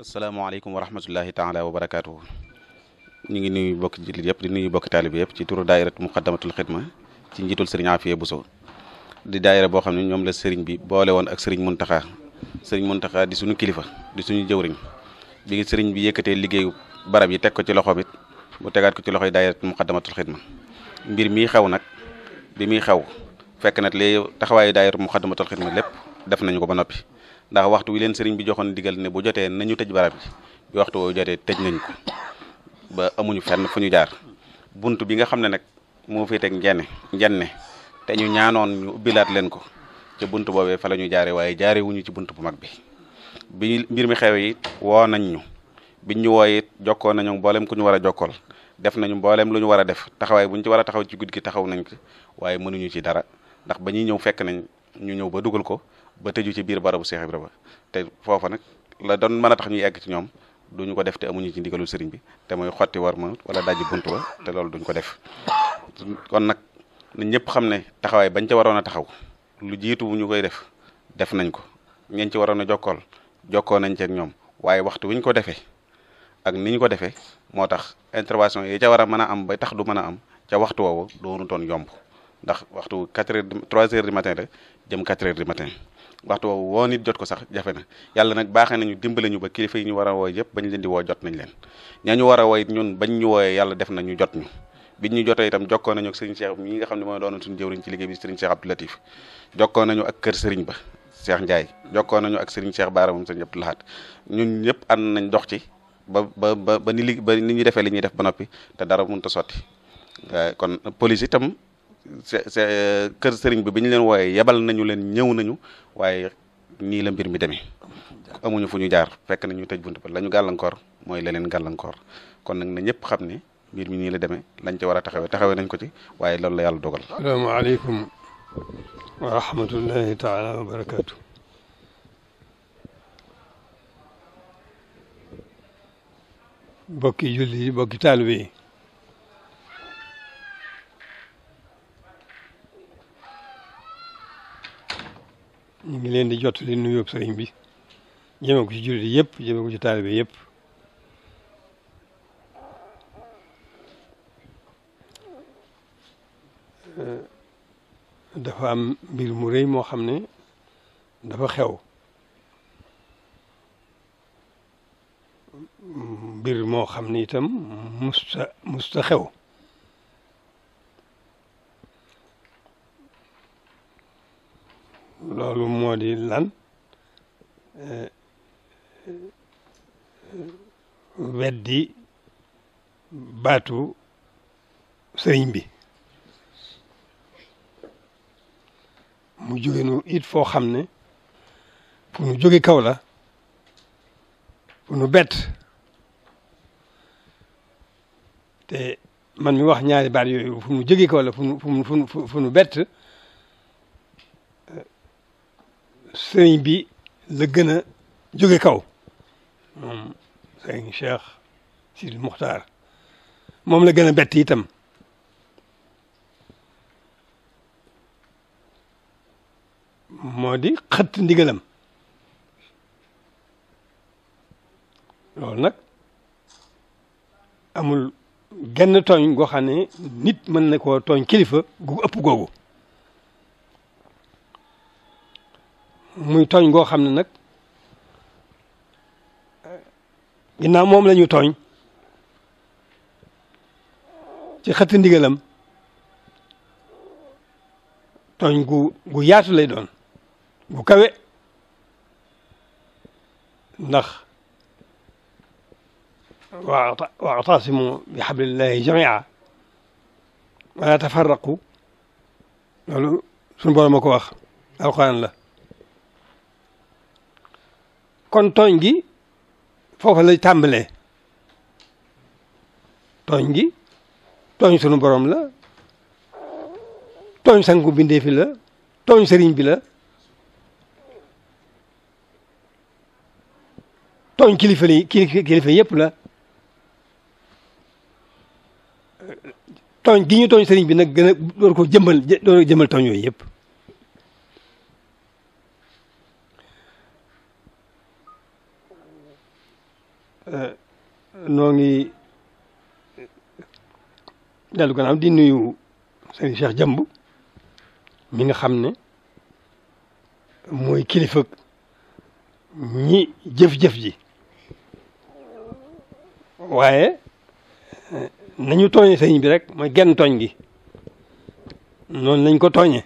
السلام عليكم ورحمة الله تعالى وبركاته نيجي نيجي بوك جيلي يب نيجي بوك تالي بيب تيجي دائرة مقدمة الخدمة تيجي تول سرين عافية بوسو دي دائرة بوك هم نيجي عمله سرين بي بوله وان أكسرين منتخا سرين منتخا دي سنو كليفة دي سنو جورين بيجي سرين بي يكتي لجيو برابي تك كتي لخو بيت بتكار كتي لخو دائرة مقدمة الخدمة بير مي خاونك بير مي خاو فكنا تلي تخوي دائرة مقدمة الخدمة لب دفنا نيجو بنابي ndax waxtu wi leen sëriñ bi joxoon digal ne bu jotee nañu tëj barab bi bi waxtu woo jotee tëj nañ ko ba amuñu fenn fu ñu jaar bunt bi nga xam ne nag moo féete ak njenne njenne te ñu ñaanoon ñu ubbilaat leen ko ci bunt boobee fa la ñu jaare waaye jaare ci bunt bu mag bi bi mbir mi xew it woo nañ ñu biñ ñu woo jokkoon jokkoo nañu mboolem ku ñu war a jokkool def nañu mboolem lu ñu war a def taxawaay bu ñu ci war a taxaw ci guddi gi taxaw nañ ko waaye mënuñu ci dara ndax ba ñuy ñëw fekk nañ ñu ñëw ba dugal ko ba tëju ci biir barabu Cheikh Ibrahima te foofa nag la doon mën a tax ñuy egg ci ñoom duñu ko def te amuñu ci ndigalul sëriñ bi te mooy xotti war ma wala dajji bunt ba te loolu duñ ko def kon nag na ñëpp xam ne taxawaay bañ ca waroon taxaw lu jiitu bu ñu koy def def nañ ko ñeen ci waroon a jokkool jokkoo nañ ci ñoom waaye waxtu wi ñu ko defee ak ni ñu ko defee moo tax intervention yi ca war a mën a am ba tax du mën a am ca waxtu woowu doonu toon yomb ndax waxtu 4 heures 3 heures matin la jëm 4 heures du matin waxtu woowu woo nit jot ko sax jafe na yàlla nag baaxee nañu dimbale ñu ba kilifa yi ñu war a wooy yëpp bañ leen di woo jot nañ leen ña ñu a wooy ñun bañ ñu wooyee yàlla def na jot ñu biñ ñu jotee itam jokkoo nañu ak sëriñ Cheikh mi nga xam ne mooy doonoon suñu jëwriñ ci liggéey bi sëriñ Cheikh Abdou Latif jokkoo nañu ak kër sëriñ ba Cheikh Ndiaye jokkoo nañu ak sëriñ Cheikh Baara moom sëriñ Abdou Lahat ñun ñëpp ànd nañ dox ci ba ba ba ba li ba ni ñu defee li ñuy def ba noppi te dara mun ta sotti kon police itam kër sëriñ bi bi ñu leen wooyee yebal nañu leen ñëw nañu waaye nii la mbir mi deme amuñu fu ñu jaar fekk nañu tej bunt ba la ñu gàllankoor mooy leneen gàllankoor kon nag na ñëpp xam ne mbir mi nii la demee lañ ci war a taxawee taxawee nañ ko ci waaye loolu la yàlla dogal. asalaamaaleykum wa rahmatullahi taala wa barakaatu. bokki julli bokki taalibe yi ñu ngi leen di jottali nuyoo sëriñ bi jëmee ko ji jullit yëpp jëmee ko ci taalibe yëpp eh, dafa am mbir mu rëy moo xam ne dafa xew mbir moo xam ne itam musta musta xew loolu moo di lan weddi baatu sëriñ bi mu jóge nu it foo xam ne fu nu jóge kaw la fu nu te man mi wax ñaari baat yooyu fu nu jóge kaw la fu nu fu nu fu sëriñ bi la gën a jóge kaw moom sëriñ Cheikh Sidi moom la gën a bett itam moo di xëtt ndigalam loolu nag amul genn tooñ goo xam nit mën na koo tooñ kilifa gu ëpp googu muy tooñ goo xam ne nag ginnaaw moom la ñu tooñ ci xëtt ndigalam tooñ gu gu yaatu lay doon gu kawe ndax wa atasimu bi hablillahi jamia wala tafarraqu loolu suñu borom ko wax alquran la kon tooñ gi foofa lay tàmbalee tooñ gi tooñ sunu borom la tooñ sangu bindee fi la tooñ sëriñ bi la tooñ kilifa li kilifa yëpp la tooñ gi ñu tooñ sëriñ bi nag gën a ko jëmbal door jëmbal tooñ yooyu yëpp Euh, noo ngi dellu gannaaw di nuyu sëriñ Cheikh Jëmb mi nga xam ne mooy kilifa ñi jëf-jëf ji waaye euh, nañu tooñe sëriñ bi rek mooy genn tooñ gi noonu lañ ko tooñe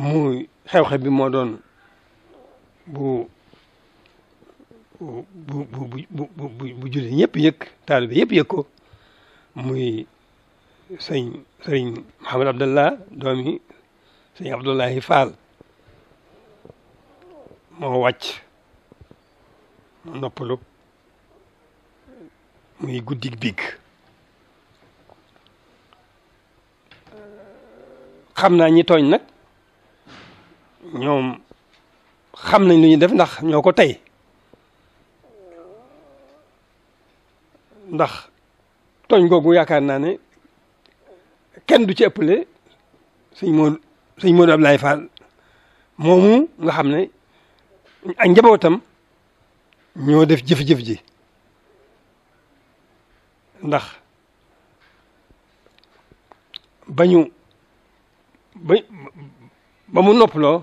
muy xew-xew bi moo doon bu bu bu bu bu bu jullit ñëpp yëg taalibe yëpp yëg ko muy sëñ sëriñ Mouhamed Abdallah doomi sëñ Abdullahi Fall moo wàcc mu noppalu muy guddig big xam naa ñi tooñ nag ñoom xam nañ lu ñuy def ndax ñoo ko tey ndax tooñ googu yaakaar naa ne kenn du ci ëppale sëñ Modou sëñ Modou Abdoulaye Fall moomu nga xam ne a njabootam ñoo def jëf-jëf ji ndax bañu ba ba mu noppaloo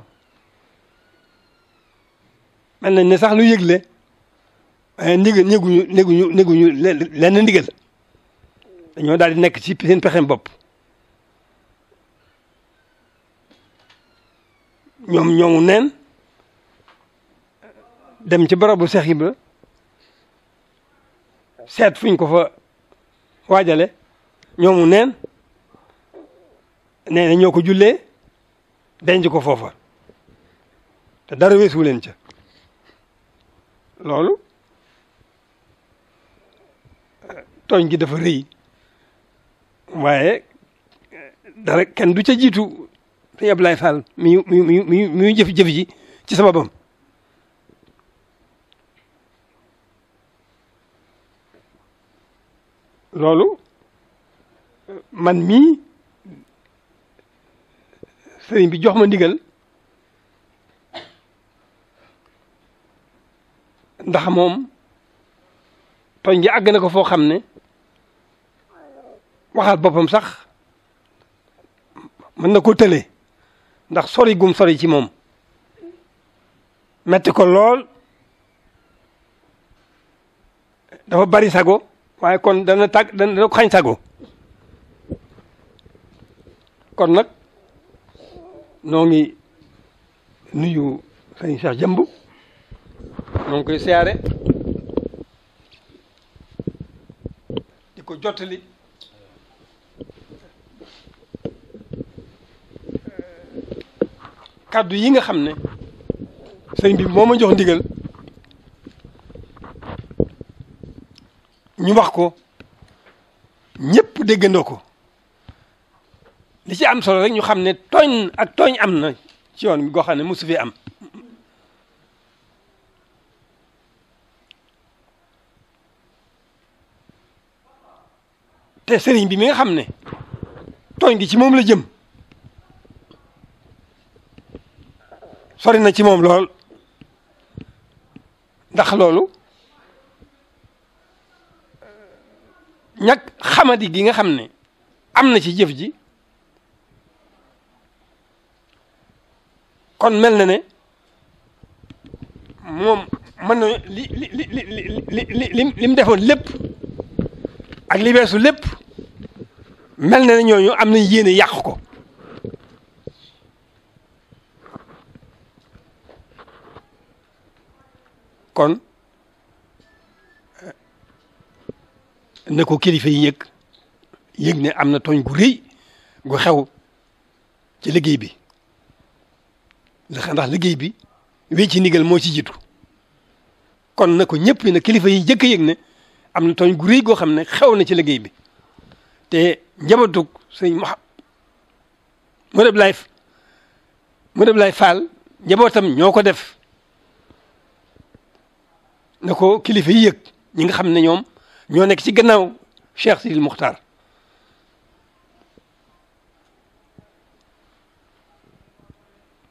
mel nañ ne sax lu yëgle waaye ndigal néguñu néguñu néguñu lenn ndigal dañoo daal di nekk ci seen pexem bopp ñoom ñoomu neen dem ci barabu Seex Ibra seet fuñ ko fa waajale ñoomu neen nee na ñoo ko jullee denc ko foofa te dara weesu leen ca loolu tooñ gi dafa rëy waaye dara kenn du ca jiitu sëñ Ablaye Fall mi mi mi mi jëf-jëf ji ci sababam loolu man mii sëriñ bi jox ma ndigal ndax moom tooñ gi àgg na ko foo xam ne waxal boppam sax mën na ko tële ndax sori gum sori ci moom metti ko lool dafa bari sago waaye kon dana tàgg dana ko xañ sago kon nag noo ngi nuyu sëñ Cheikh Jëmb noo ngi koy siyaare di ko jottali kàddu yi nga xam ne sëñ bi moo ma jox ndigal ñu wax ko ñëpp déggandoo ko li ci am solo rek ñu xam ne tooñ ak tooñ am na ci yoon bi goo xam ne mosu fi am te sëriñ bi mi nga xam ne tooñ gi ci moom la jëm sori na ci moom lool ndax loolu ñàkk xamadi gi nga xam ne am na ci jëf ji kon mel na ne moom mën na li li li li li li defoon lépp ak li beesu lépp mel na ne ñooñu am na yéene yàq ko kon eh, na ko kilifa yi yëg yëg ne am na tooñ gu rëy gu xew ci liggéey bi ndax ndax liggéey bi wéy ci ndigal moo ci jitu kon na ko ñëpp na kilifa yi jëkk yëg ne am na tooñ gu rëy goo xam ne xew na ci liggéey bi te njabatug sëñ mu mu deb lay mu deb lay faal njabootam ñoo ko def na ko kilifa yi yëg ñi nga xam ne ñoom ñoo nekk ci gannaaw Cheikh Sidil Muxtaar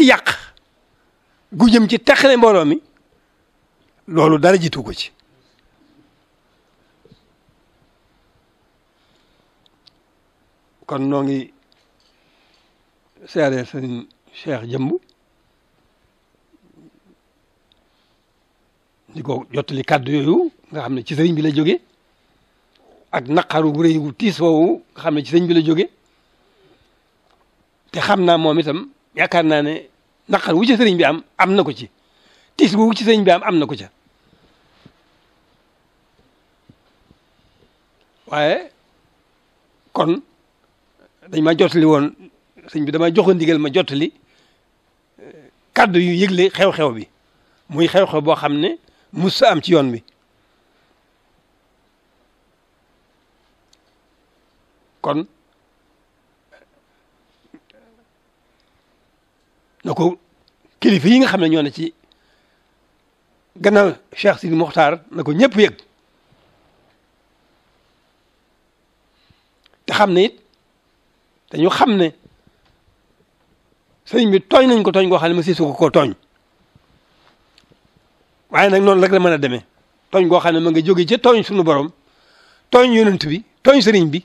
ci yàq gu jëm ci taxale mbooloo mi loolu dara jiitu ko ci kon noo ngi seere sëriñ Cheikh Jëmb di ko jottali kàddu yooyu nga xam ne ci sëriñ bi la jóge ak naqaru bu rëy wu tiis woowu nga xam ne ci sëriñ bi la jóge te xam naa moom itam yaakaar naa ne naqar wu ci sëriñ bi am am na ko ci tiis wu ci sëriñ bi am am na ko ca waaye kon dañ ma jottali woon sëñ bi dama joxoon ndigal ma jottali eh, kàddu yu yëgle xew-xew bi muy xew-xew boo xam ne mus am ci yoon bi kon na ko kilifa yi nga xam ne ñoo ne ci gannaaw Cheikh Sidi Mokhtar na ko ñëpp yëg te xam ne it dañu xam ne sëñ bi tooñ nañ ko tooñ koo xam ne ma si su ko koo tooñ waaye nag noonu rek la mën a demee tooñ koo xam ne ma nga jóge ca tooñ suñu borom tooñ yonent bi tooñ sëriñ bi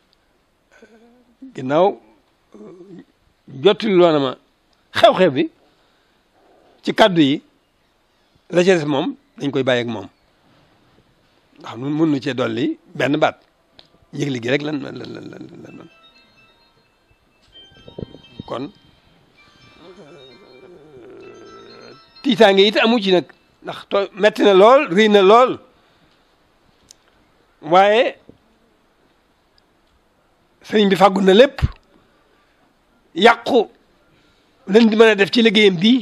ginnaaw jottali loona ma xew-xew bi ci kàddu yi la ci moom dañ koy bàyyi ak moom ndax nun mën nu cee dolli benn baat yëgli gi rek lan lan lan lan kon euh, tiitaange it amu ci nag ndax to metti na lool rii na lool waaye sëriñ bi fàggu na lépp yàqu lañ di mën a def ci liggéeyam bii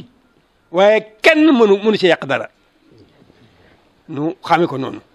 waaye kenn mënu mënu ci yàq dara nu xame ko noonu